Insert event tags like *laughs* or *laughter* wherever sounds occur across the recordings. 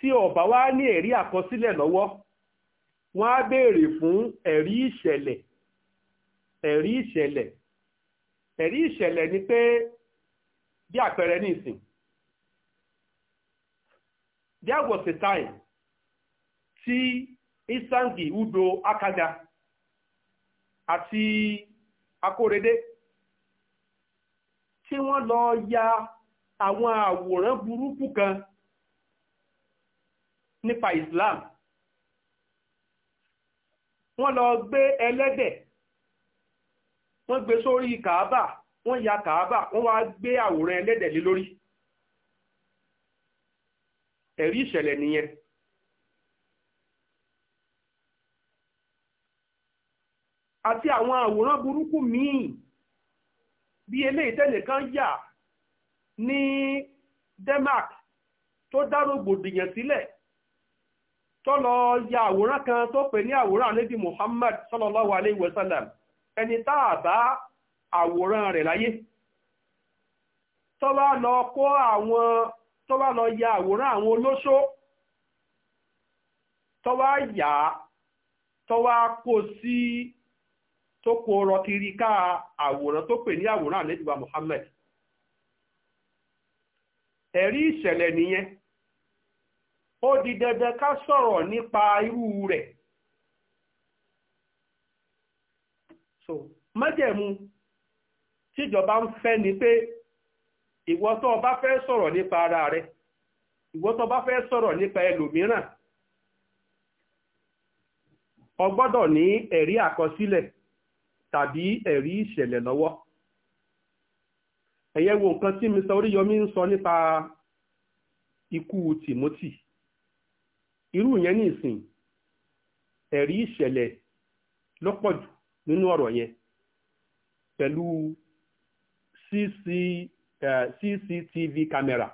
tí ọba wá ní ẹ̀rí àkọsílẹ̀ lọ́wọ́ wọ́n á béèrè fún ẹ̀rí ìṣẹ̀lẹ̀ ẹ̀rí ìṣẹ̀lẹ̀ ẹ̀rí ìṣẹ̀lẹ̀ ni pé bí àpẹẹrẹ nìsín ìsìn there was a time tí Isangi Udo Akada àti Akórèdé tí wọ́n lọ ya àwọn àwòrán burúkú kan nípa Islam wọ́n lọ gbé ẹlẹ́dẹ̀ wọ́n gbé sórí kàábà wọ́n ya kàábà wọ́n wá gbé àwòrán ẹlẹ́dẹ̀ lé lórí ẹ̀rí ìṣẹ̀lẹ̀ nìyẹn àti àwọn àwòrán burúkú míì bí eléyìí tẹ́nìkan yà ní Denmark tó dárò gbòdìyàn sílẹ̀ tó lọ ya àwòrán kan tó pè ní àwòrán ànábì Muhammad sallallahu alaihi wasallam ẹni tá a bá àwòrán rẹ̀ láyé tó bá lọ kó àwọn tó bá ya àwòrán àwọn olóṣó tó wá yà á tó kó sí tó kó rọ kiri ká àwòrán tó pè ní àwòrán ànábì Muhammad ẹ̀rí ìṣẹ̀lẹ̀ nìyẹn ó di dandan ká sọ̀rọ̀ nípa irú rẹ̀ so májẹ̀mú tíjọba ń fẹ́ ni pé ìwọ tó bá fẹ́ sọ̀rọ̀ nípa ara rẹ ìwọ tó sọrọ bá fẹ́ sọ̀rọ̀ nípa ẹlòmíràn o gbọ́dọ̀ ní ẹ̀rí àkọsílẹ̀ tàbí ẹ̀rí ìṣẹ̀lẹ̀ lọ́wọ́ ẹ̀yẹ́ wo nǹkan tí mr oríyọmí ń sọ nípa ikú Timothy irú yẹn ní ìsìn ẹ̀rí ìṣẹ̀lẹ̀ lọ́pọ̀jù nínú ọ̀rọ̀ yẹn pẹ̀lú CCTV camera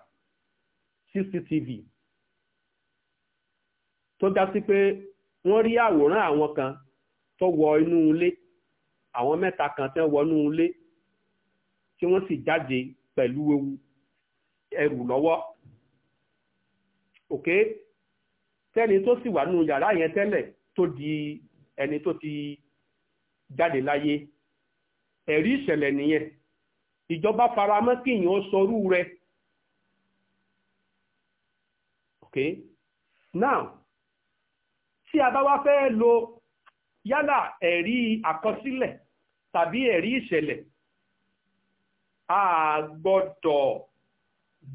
CCTV tó dá sí pé wọ́n rí àwòrán àwọn kan tó wọ inú ilé àwọn mẹ́ta kan tẹ́ wọnú ilé tí wọ́n sì jáde pẹ̀lú ewu ẹrù lọ́wọ́ okay tẹ́ni tó sì wà nínú yàrá yẹn tẹ́lẹ̀ tó di ẹni tó ti jáde láyé ẹ̀rí ìṣẹ̀lẹ̀ nìyẹn ìjọba faramọ́ kíyàn sọrú rẹ̀ okay now tí a bá wá fẹ́ lo yálà ẹ̀rí àkọsílẹ̀ tàbí ẹ̀rí ìṣẹ̀lẹ̀ a gbọ́dọ̀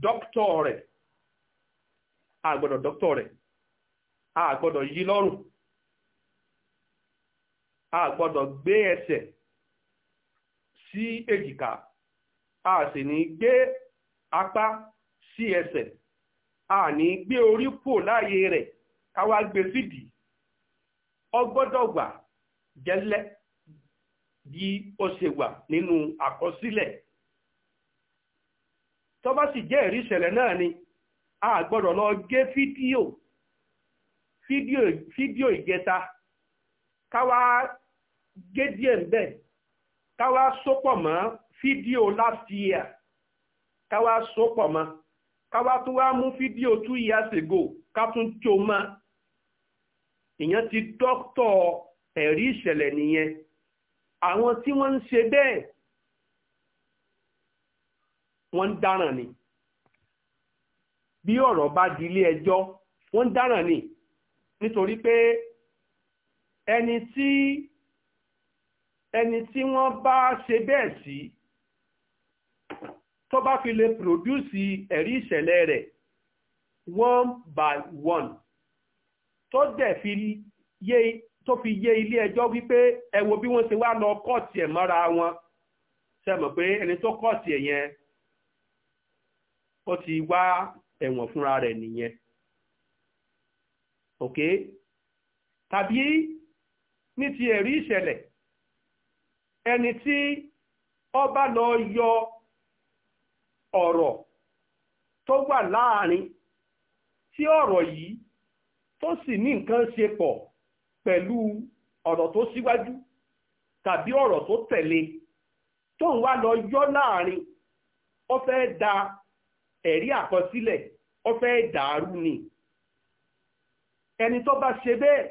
dọ́kítọ̀ rẹ̀ a gbọ́dọ̀ dọ́kítọ̀ rẹ̀ a gbọ́dọ̀ yí lọ́rùn a gbọ́dọ̀ gbé ẹsẹ̀ sí èjìká a sì ní gbé apá sí ẹsẹ̀ a ní gbé orí kò láàyè rẹ̀ káwá gbé sídìí ó gbọ́dọ̀ gbà jẹ́lẹ́ bí ó ṣe wà nínú àkọsílẹ̀ tó bá sì jẹ́ ìrí náà ni a gbọ́dọ̀ lọ gé fídíò fídíò ìgẹta káwá gé díẹ̀ ńbẹ̀ káwá sópọ̀ mọ́ fídíò last year káwá sópọ̀ mọ́ káwá tó wá mú fídíò two years ago ká tún tó mọ́ ìyẹn ti dọ́kítọ̀ ẹ̀rí ìṣẹ̀lẹ̀ nìyẹn àwọn tí wọ́n ń ṣe bẹ́ẹ̀ wọ́n ń dáràn ni bí ọ̀rọ̀ bá di ilé ẹjọ́ nítorí pé ẹni tí ẹni tí wọ́n bá ṣe bẹ́ẹ̀ sí tó bá fi lè pòdúsì ẹ̀rí ìṣẹ̀lẹ̀ rẹ̀ one by one tó dẹ̀ fi yé tó fi yé ilé ẹjọ́ wípé ẹ wo bí wọ́n ṣe wá lọ kọ́ọ̀tì ẹ̀ mọ́ra wọn ṣe pé ẹni tó kọ́ọ̀tì ẹ̀ yẹn ó ti wá ẹ̀wọ̀n fúnra rẹ̀ nìyẹn ok tàbí ní ti ẹ̀rí ìṣẹ̀lẹ̀ ẹni tí ọba lọ yọ ọ̀rọ̀ tó wà láàrin tí ọ̀rọ̀ yìí tó sì ní nǹkan ṣe pọ̀ pẹ̀lú ọ̀rọ̀ tó síwájú tàbí ọ̀rọ̀ tó tẹ̀lé tó ń wá lọ yọ láàrin ọ fẹ́ da ẹ̀rí àkọsílẹ̀ ọ fẹ́ dàrú ni. ẹni tó bá ṣe bẹ́ẹ̀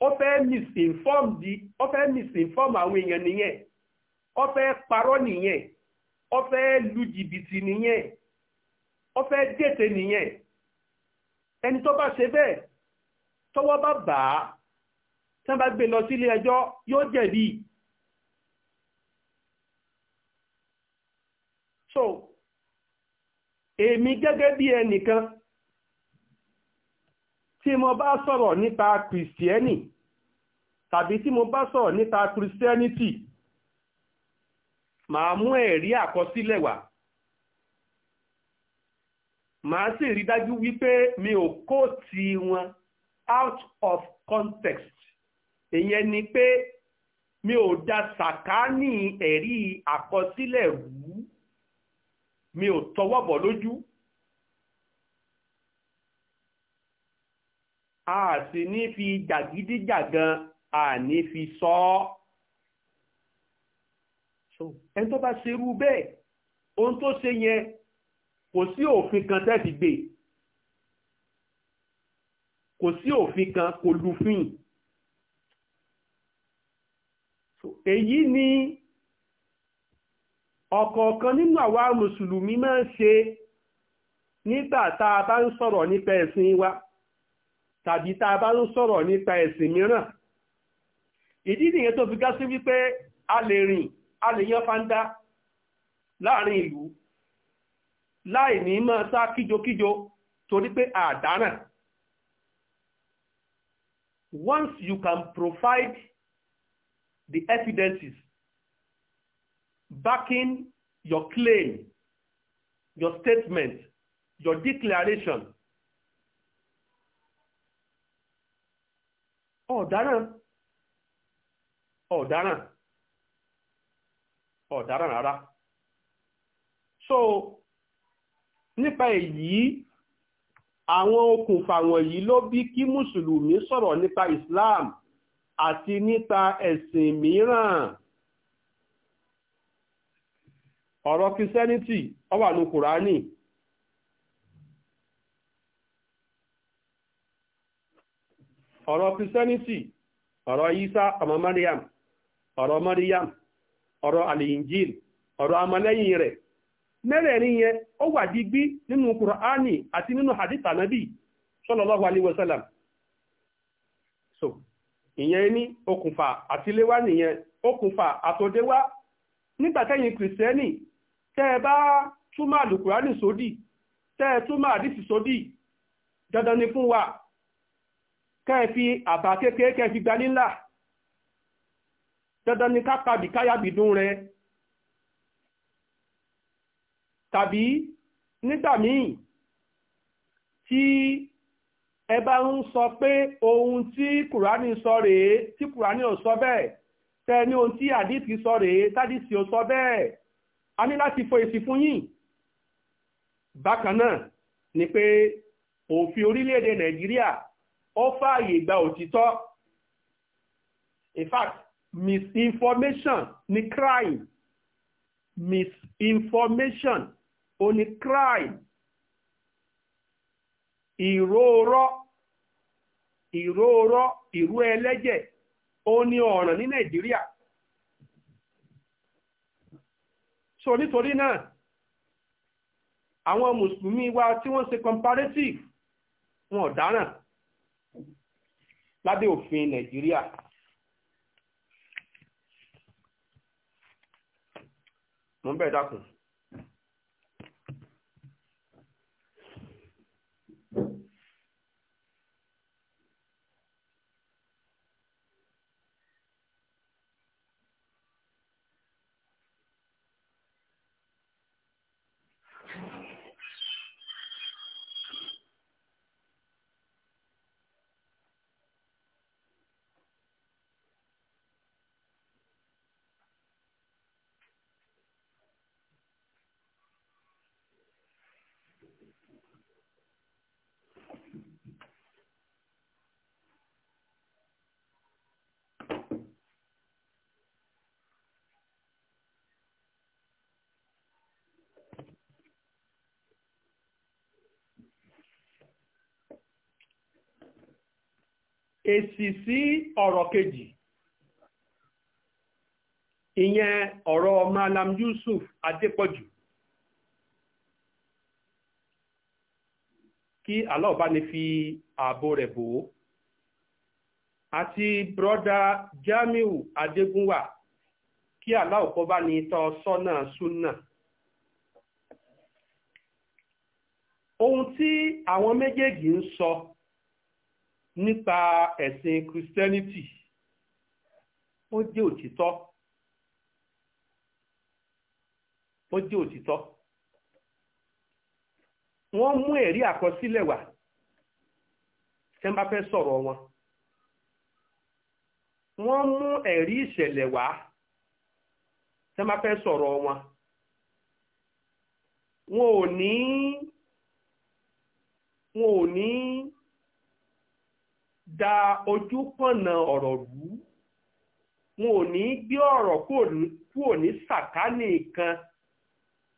ó fẹ́ misinform di ó fẹ́ misinform àwọn èèyàn nìyẹn ó fẹ́ parọ́ nìyẹn ó fẹ́ lu jìbìtì nìyẹn ó fẹ́ dètè nìyẹn ẹni tó bá ṣe bẹ́ẹ̀ tọ́wọ́ bá bà á tán bá gbé lọ sílé ẹjọ́ yóò jẹ̀bi. so èmi gẹ́gẹ́ bí ẹnìkan tí mo bá sọ̀rọ̀ nípa kìrìsìtẹ́nì tàbí tí mo bá sọ̀rọ̀ nípa kìrìsìtẹ́nìtì màá mú ẹ̀rí àkọsílẹ̀ wá màá sì rí dájú wípé mi ò kó ti wọn out of context ìyẹn ni pé mi ò da sàkáání ẹ̀rí àkọsílẹ̀ rú mi ò tọwọ́ bọ̀ lójú a sì ní fi jàgídíjàgan a ní fi sọ ọ́ so ẹni tó bá ṣerú bẹ́ẹ̀ ohun tó ṣe yẹn kò sí òfin kan tẹ́ẹ̀fì gbé kò sí òfin kan kò lùfin èyí ni ọ̀kọ̀ọ̀kan nínú àwa mùsùlùmí máa ń ṣe nígbà tá a bá ń sọ̀rọ̀ nípa ẹ̀sìn wa tàbí tá a bá ń sọ̀rọ̀ nípa ẹ̀sìn mìíràn ìdí nìyẹn tó fi ká sí wípé a lè rìn a lè yan fanda láàrin ìlú láì ní máa sá kíjokíjo torí pé àdánà once you can provide the evidences backing your claim your statement your declaration ọ̀daràn ọ̀daràn ọ̀daràn rárá so nípa èyí àwọn okùnfà wọ̀nyí ló bí kí mùsùlùmí sọ̀rọ̀ nípa Islam àti nípa ẹ̀sìn mìíràn ọ̀rọ̀ Christianity ó wà ní Kùránì ọ̀rọ̀ christianity ọ̀rọ̀ isa ọmọ mariam ọ̀rọ̀ mariam ọ̀rọ̀ alinjil ọ̀rọ̀ amọ̀lẹ́yìn rẹ mẹ́rẹ̀ẹ̀rin yẹn ó wà digbí nínú kùránì àti nínú hadith anabi sallallahu alaihi wasallam so ìyẹn ní okùnfà àtiléwá nìyẹn okùnfà àtòdéwá nígbàtẹ́yìn kìrìsìtẹ́nì tẹ́ ẹ bá túmọ̀ àlùkùránì sódì tẹ ẹ túmọ̀ àdìsí sódì dandan ni fún wa kẹ́ẹ̀fi àbá kékeré kẹ́ẹ̀fi gba nílà dandan ni ká pàbí káyàbìdún rẹ tàbí nígbà míì tí ẹ bá ń sọ pé ohun tí kùránì sọ rèé tí kùránì ò sọ bẹ́ẹ̀ tẹ ní ohun tí àdìsí sọ rèé tádìsí ò sọ bẹ́ẹ̀ a ní láti fọ èsì fún yín bákan náà ni pé òfin orílẹ̀-èdè nàìjíríà ọ fààyè gba òtítọ́ in fact misinformation ni crime misinformation ó ní crime ìróorọ́ ìróorọ́ ìrú ẹlẹ́jẹ̀ o ní ọ̀ràn ní nàìjíríà so nítorí náà àwọn mùsùlùmí wa tí wọ́n ṣe comparative wọn ọ̀daràn lábẹ́ òfin nàìjíríà mo ń bẹ̀ dákun èsì sí ọ̀rọ̀ kejì ìyẹn ọ̀rọ̀ Malam Yusuf Adépọ̀jù kí Allah ni fi ààbò rẹ̀ bò ó àti brọ́dá Jamiu Adégúnwà kí Allah bá ní tọ́ sọ́nà súnà ohun tí àwọn méjèèjì ń sọ so, nípa ẹ̀sìn Christianity ó jẹ́ òtítọ́ ó jẹ́ òtítọ́ wọ́n mú ẹ̀rí àkọsílẹ̀ wà tẹ́ bá fẹ́ sọ̀rọ̀ wọn wọ́n mú ẹ̀rí ìṣẹ̀lẹ̀ wá tẹ́ bá fẹ́ sọ̀rọ̀ wọn wọn ò ní wọn ò ní da ojú pọ̀nà ọ̀rọ̀ rú wọn ò ní gbé ọ̀rọ̀ kúrò ní sàkánì kan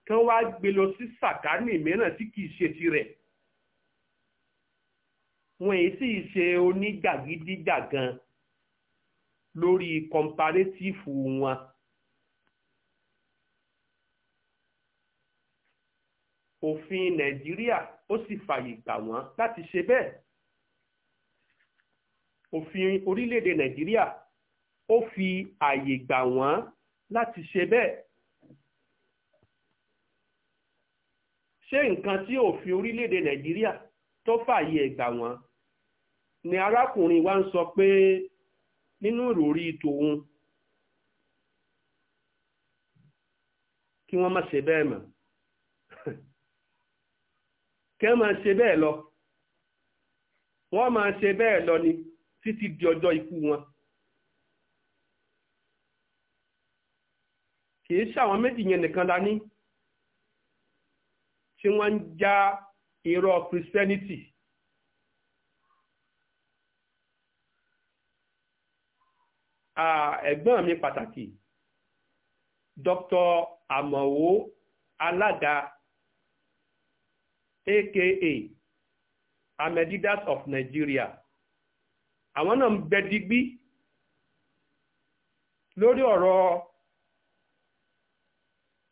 kán wá gbé lọ sí sàkánì mìíràn tí kìí ṣe tirẹ̀ wọn èyí sì ṣe onígbàgídígbàgan lórí kọmparétífù wọn. òfin nàìjíríà ó sì fàyè gbà wọ́n láti ṣe bẹ́ẹ̀ òfin orílẹ̀-èdè nàìjíríà ó fi ààyè gbà wọ́n láti ṣe bẹ́ẹ̀. ṣé nǹkan tí òfin orílẹ̀-èdè nàìjíríà tó fàyè gbà wọ́n ni arákùnrin wa ń sọ pé nínú ìròrí tòun kí wọ́n má ṣe bẹ́ẹ̀ mọ́ *laughs* kí wọ́n má ṣe bẹ́ẹ̀ lọ wọ́n ṣe bẹ́ẹ̀ lọ ni. títí di ọjọ́ ikú wọn. kì í ṣàwọn méjì yẹn nìkan la ní tí wọ́n ń já irọ́ christianity. ẹ̀gbọ́n mi pàtàkì Dr. Àmọ̀wó Alága aka Amedidas of Nigeria àwọn náà ń bẹ digbí lórí ọ̀rọ̀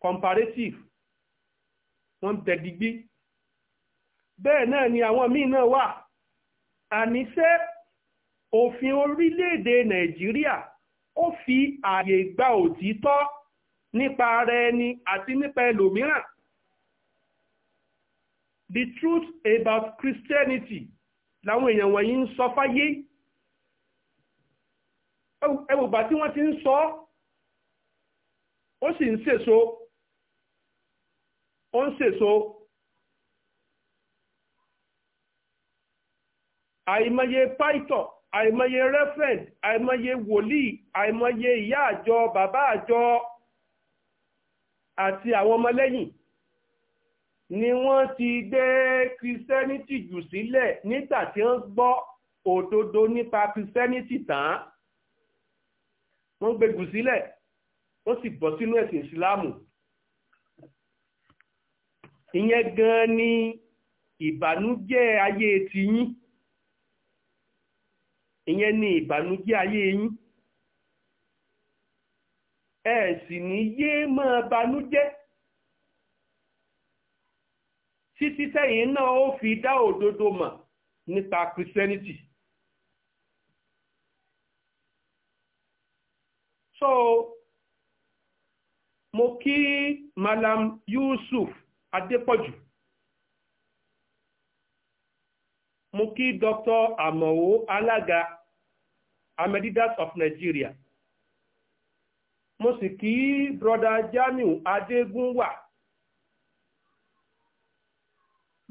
comparative wọ́n ń bẹ digbí bẹ́ẹ̀ náà ni àwọn míì náà wà àníṣe òfin orílẹ̀-èdè nàìjíríà ó fi ààyè gba òtítọ́ nípa ara ẹni àti nípa ẹlòmíràn the truth about Christianity làwọn èèyàn wọ̀nyí ń sọ fáyé ẹwùgbà tí wọ́n ti ń sọ ó sì ń sèso ó ń sèso àìmọye pítọ̀ àìmọye reverend àìmọye wòlíì àìmọye ìyá àjọ bàbá àjọ àti àwọn ọmọlẹ́yìn ni wọ́n ti gbé christianity jù sílẹ̀ nígbà tí wọ́n gbọ́ òdodo nípa christianity tán wọ́n gbégùn sílẹ̀ wọ́n sì bọ́ sínú ẹ̀sìn ìsìláàmù ìyẹn gan ni ìbànújẹ́ ayé tiyín ìyẹn ni ìbànújẹ́ ayé yín ẹ sì ní yé máa banújẹ́ títí sẹ́yìn náà ó fi dá òdodo mọ̀ nípa Christianity. so mo kí Malam Yusuf Adépọ̀jù mo kí Dr. Amao alága Amedidas of Nigeria mo sì kí broda Jamiu Adégúnwà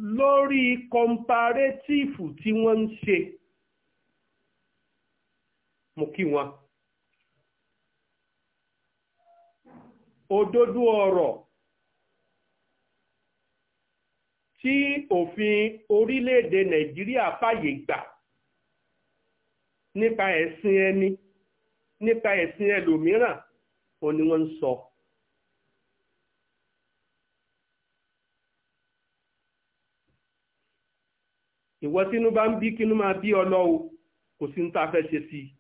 lórí kọmparétífù tí wọ́n ń ṣe mo kí wọn. òdodo ọ̀rọ̀ tí òfin orílẹ̀-èdè nàìjíríà fàyè gbà nípa ẹ̀sìn ẹni nípa ẹ̀sìn ẹlòmíràn òun ni wọ́n ń sọ. ìwọ tínú bá ń bí kínú máa bí ọlọ́wọ́ kò sí ní ta fẹ́ ṣe sí i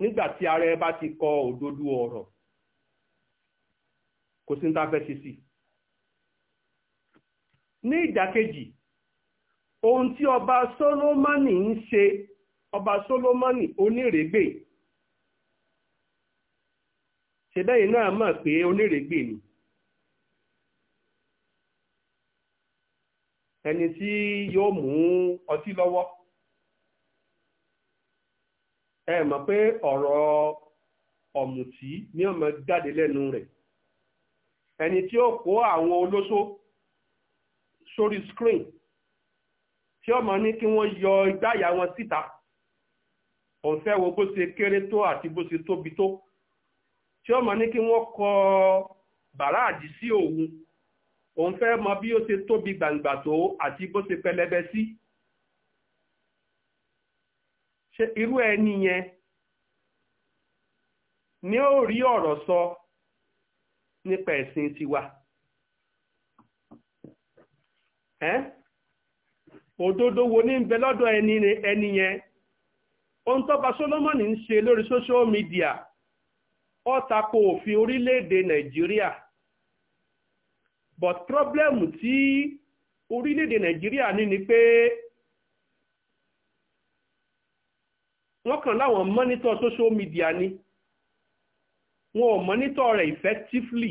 nígbà tí ara ẹ bá ti kọ òdodo ọ̀rọ̀ kò sí ní tá a fẹ́ ṣe sí. ní ìdàkejì ohun tí ọba solomoni ń ṣe ọba solomoni onírègbè ṣẹbẹ́yìn náà mọ̀ pé onírègbè ni. ẹni tí yóò mú ọtí lọ́wọ́ ẹ mọ̀ pé ọ̀rọ̀ ọ̀mùtí ni ó máa jáde lẹ́nu rẹ̀ ẹni tí ó kó àwọn olóṣó sórí screen tí ọmọ ní kí wọ́n yọ ìgbáyà wọn síta òun fẹ́ wo bó ṣe kéré tó àti bó ṣe tóbi tó tí ọmọ ní kí wọ́n kọ bàràdì sí òun òun fẹ́ mọ bí ó ṣe tóbi gbàǹgbà tó àti bó ṣe pẹlẹbẹ sí irú ẹni yẹn ni ó rí ọ̀rọ̀ sọ nípa ẹ̀sìn tiwa òdodo wo ní bẹ lọ́dọ̀ ẹni yẹn ohun tọ́ba solomoni ń ṣe lórí social media ó tako òfin orílẹ̀-èdè Nàìjíríà but problem ti orílẹ̀-èdè Nàìjíríà ní ni pé wọ́n kàn láwọn monitor social media ni. wọn ò mọ́nítọ̀ rẹ̀ effectively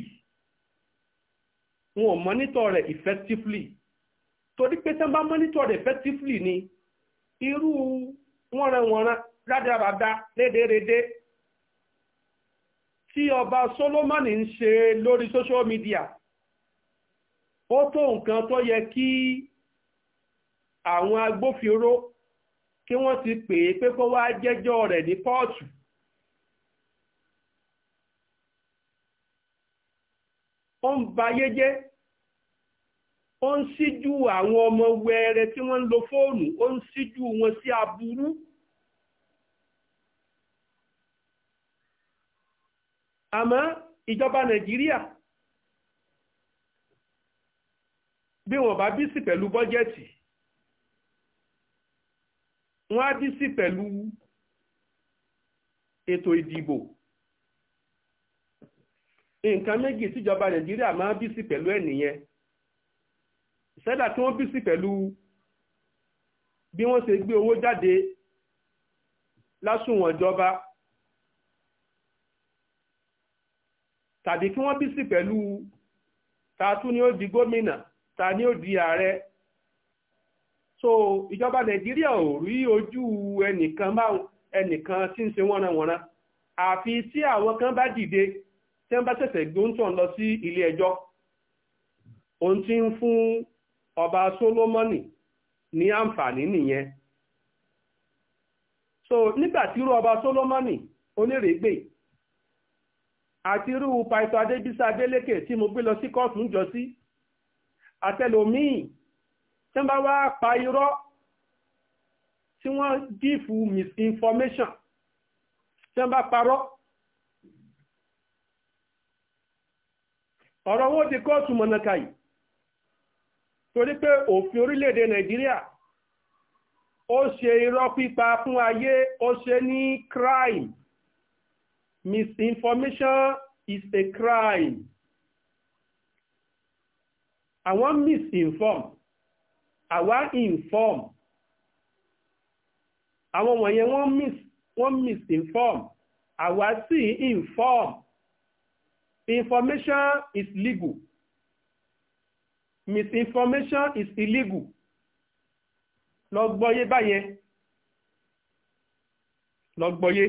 wọn ò mọ́nítọ̀ rẹ̀ effectively torí pé tán bá mọ́nítọ̀ rẹ̀ effectively ni irú wọ́nranwọ̀nran rádaràdá rédérédé tí ọba Solomon ń ṣe lórí social media ó tó nǹkan tó yẹ kí àwọn agbófinró kí wọ́n ti pè é pé kó wá jẹ́jọ́ rẹ̀ ní kóòtù ó ń bayé jẹ́ ó ń síjú àwọn ọmọ wẹrẹ tí wọ́n ń lo fóònù ó ń síjú wọn sí aburú àmọ́ ìjọba nàìjíríà bí wọ́n bá bísí pẹ̀lú bọ́jẹ́tì wọ́n á bísí pẹ̀lú ètò ìdìbò nǹkan méjì tíjọba nàìjíríà máa bí sí pẹ̀lú ẹ̀nìyẹn ìṣẹ̀dá tí wọ́n bí sí pẹ̀lú bí wọ́n ṣe gbé owó jáde lásùnwọ̀n ìjọba tàbí kí wọ́n bí sí pẹ̀lú ta tún ni ó di gómìnà ta ni ó di ààrẹ so ìjọba nàìjíríà ò rí ojú ẹnìkan báwọn ẹnìkan tí ń ṣe wọ́nranwọ̀nran àfi tí àwọn kan bá dìde tí wọ́n bá ṣẹ̀ṣẹ̀ gbé oúnjẹ lọ sí ilé ẹjọ́ ohun tí ń fún ọba Solomoni ní àǹfààní nìyẹn so nígbà tí irú ọba Solomoni onírègbè àti irú paito adébísà adélékè tí mo gbé lọ sí kóòtù ń jọ sí àtẹlòmíì tí wọ́n bá wá pa irọ́ tí wọ́n gífù misinformation tí wọ́n bá parọ́ ọ̀rọ̀ wọn ti kóòtù mọ̀nàkà yìí torí pé òfin orílẹ̀-èdè nàìjíríà ó ṣe irọ́ pípa fún ayé ó ṣe ní crime misinformation is a crime àwọn misinform àwa inform àwọn wọ̀nyẹn wọ́n misinform àwa sì inform. Information is legal. Misinformation is illegal. Lọ gbọ́yé báyẹn. Lọ gbọ́yé.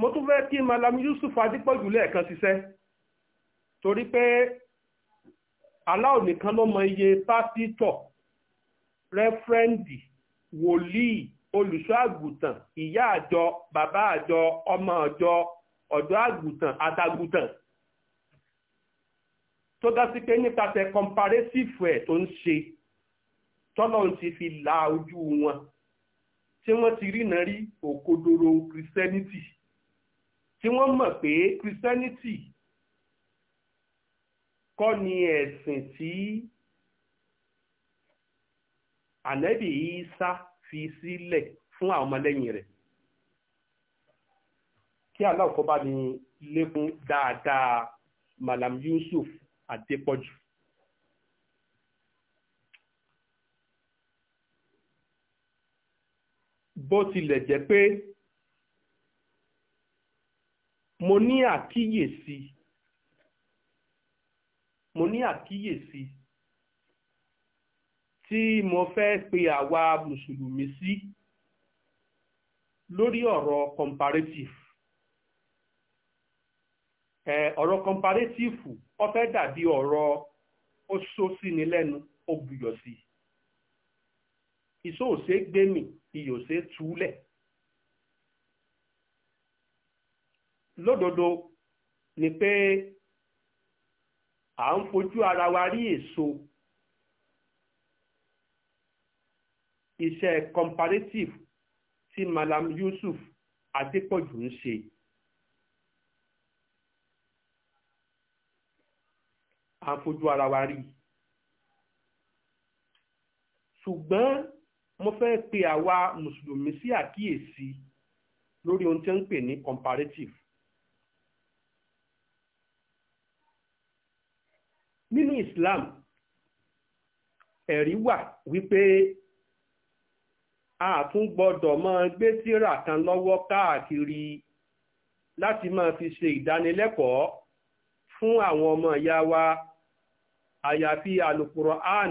Mo tún fẹ́ kí Malam Yusuf Adépọ̀jù lẹ́ẹ̀kan ṣiṣẹ́ torí pé aláwọ̀ nìkan ló mọ iye pásítọ̀ rẹ́fúrẹ́ǹdì wòlíì olùṣọ́ àgùntàn ìyá àjọ bàbá àjọ ọmọ àjọ ọ̀dọ́ àgùntàn àtàgùntàn tó dá sí pé nípasẹ̀ comparative ẹ̀ tó ń ṣe tọ́lọ́run ti fi la ojú wọn tí wọ́n ti rìnà rí òkodoro christianity tí wọ́n mọ̀ pé christianity kọ́ ni ẹ̀sìn tí ànẹ́bì Ìsá fi sílẹ̀ fún àwọn ọmọlẹ́yìn rẹ̀ kí Allah kó bá ní lékún dáadáa Malam Yusuf Adépọ̀jù bó tilẹ̀ jẹ́ pé mo ní àkíyèsí mo ní àkíyèsí tí mo fẹ́ pe àwa mùsùlùmí sí lórí ọ̀rọ̀ comparative ọ̀rọ̀ comparative ó fẹ́ dàbí ọ̀rọ̀ ó só sí ni lẹ́nu ó buyọ̀ sí ìṣó òṣè gbémì ìyòṣè túlẹ̀ lódodo ni pé à ń fojú ara wa rí èso iṣẹ́ comparative tí Malam Yusuf Adépọ̀jù ń ṣe. à ń fojú ara wa rí i. ṣùgbọ́n mo fẹ́ pe àwa mùsùlùmí sí àkíyèsí lórí ohun tí ń pè ní comparative. nínú Islam ẹ̀rí wà wípé a tún gbọ́dọ̀ máa gbé tírà kan lọ́wọ́ káàkiri láti máa fi ṣe ìdánilẹ́kọ̀ọ́ fún àwọn ọmọ ìyá wa àyàfi alukur'an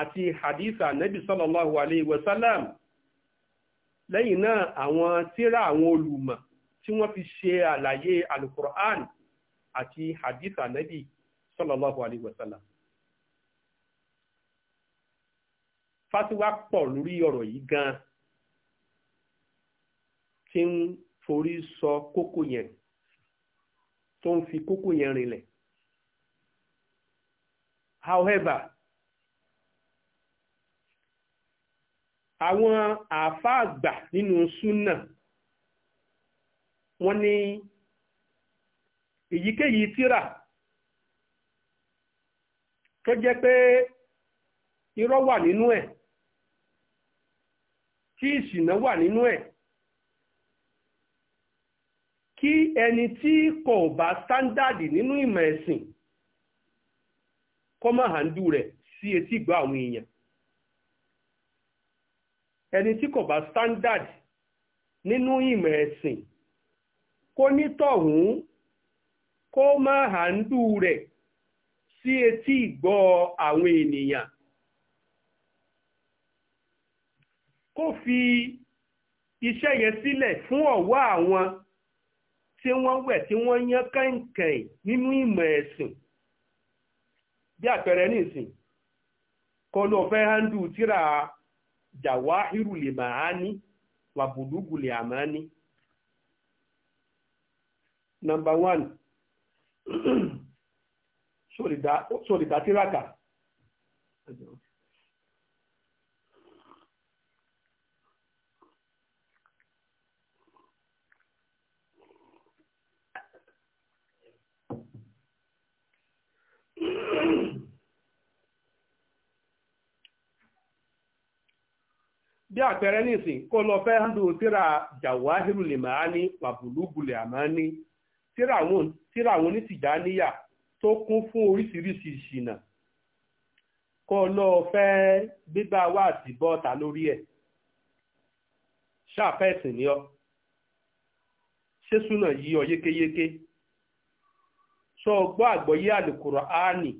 àti haditha nabi sallallahu alayhi wa sallam lẹ́yìn náà àwọn tírà àwọn olùmọ̀ tí wọ́n fi ṣe àlàyé alukur'an àti haditha nabi sallallahu alayhi wa fásiwá pọ̀ lórí ọ̀rọ̀ yìí gan tí ń forí sọ kókó yẹn tó ń fi kókó yẹn rinlẹ̀ however àwọn àáfàá àgbà nínú súnà wọ́n ní èyíkéyìí tíra tó jẹ́ pé irọ́ wà nínú ẹ̀ tí ìṣìnà wà nínú ẹ̀ kí ẹni tí kò bá sítándàdì nínú ìmọ̀ ẹ̀sìn kọ́ máa hàndú rẹ̀ sí etí kó nítọ̀hún kó máa hàndú rẹ̀ sí etí ìgbọ́ àwọn ènìyàn kó fi iṣẹ́ yẹn sílẹ̀ fún ọ̀wọ́ àwọn tí wọ́n wẹ̀ tí wọ́n yán kẹ̀kẹ̀ nínú ìmọ̀ ẹ̀sìn bí àpẹẹrẹ nìsín kọ́ ló fẹ́ handù tíra jawahiru *clears throat* lè máa ní wàbùdúgù lè àmà ní. one bí àpẹẹrẹ nìsín kó lọ fẹ́ handle tíra Jawahirul Maani wa Bulugul Amani tíra àwọn onítìjáníyà tó kún fún oríṣiríṣi ìṣìnà kó lọ fẹ́ gbígbà wá àtìbọ́ta lórí ẹ̀ ṣàfẹ́sìn ni ọ́ ṣé súnà yí ọ yékéyéké sọ ọgbọ́ àgbọ̀yé àlùkùrọ̀ áánì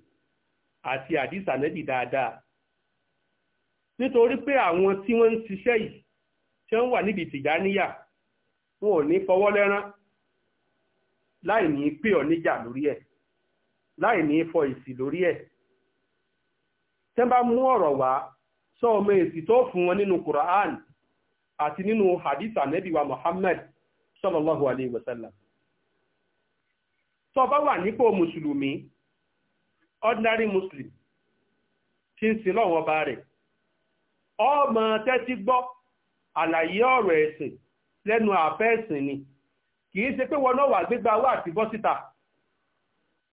àti àdìsànẹ́bì dáadáa nítorí pé àwọn tí wọ́n ń ṣiṣẹ́ yìí tí wọ́n wà níbi tìjáníyà wọn ò ní fọwọ́ lẹ́rán láì ní pè ọ́ níjà lórí ẹ̀ láì ní fọ èsì lórí ẹ̀ tẹ́ bá mú ọ̀rọ̀ wá sọ ọmọ èsì tó fún wọn nínú Quran àti nínú hadith anabi wa Muhammad sallallahu alayhi wa sallam tó bá wà nípò mùsùlùmí ordinary muslim tí ń sin lọ́wọ́ bá rẹ̀ ọmọ tẹ́tí gbọ́ àlàyé ọ̀rọ̀ ẹ̀sìn lẹ́nu àfẹ́ẹ̀sìn ni kì í ṣe pé wọn náà wà gbégbá wà àti síta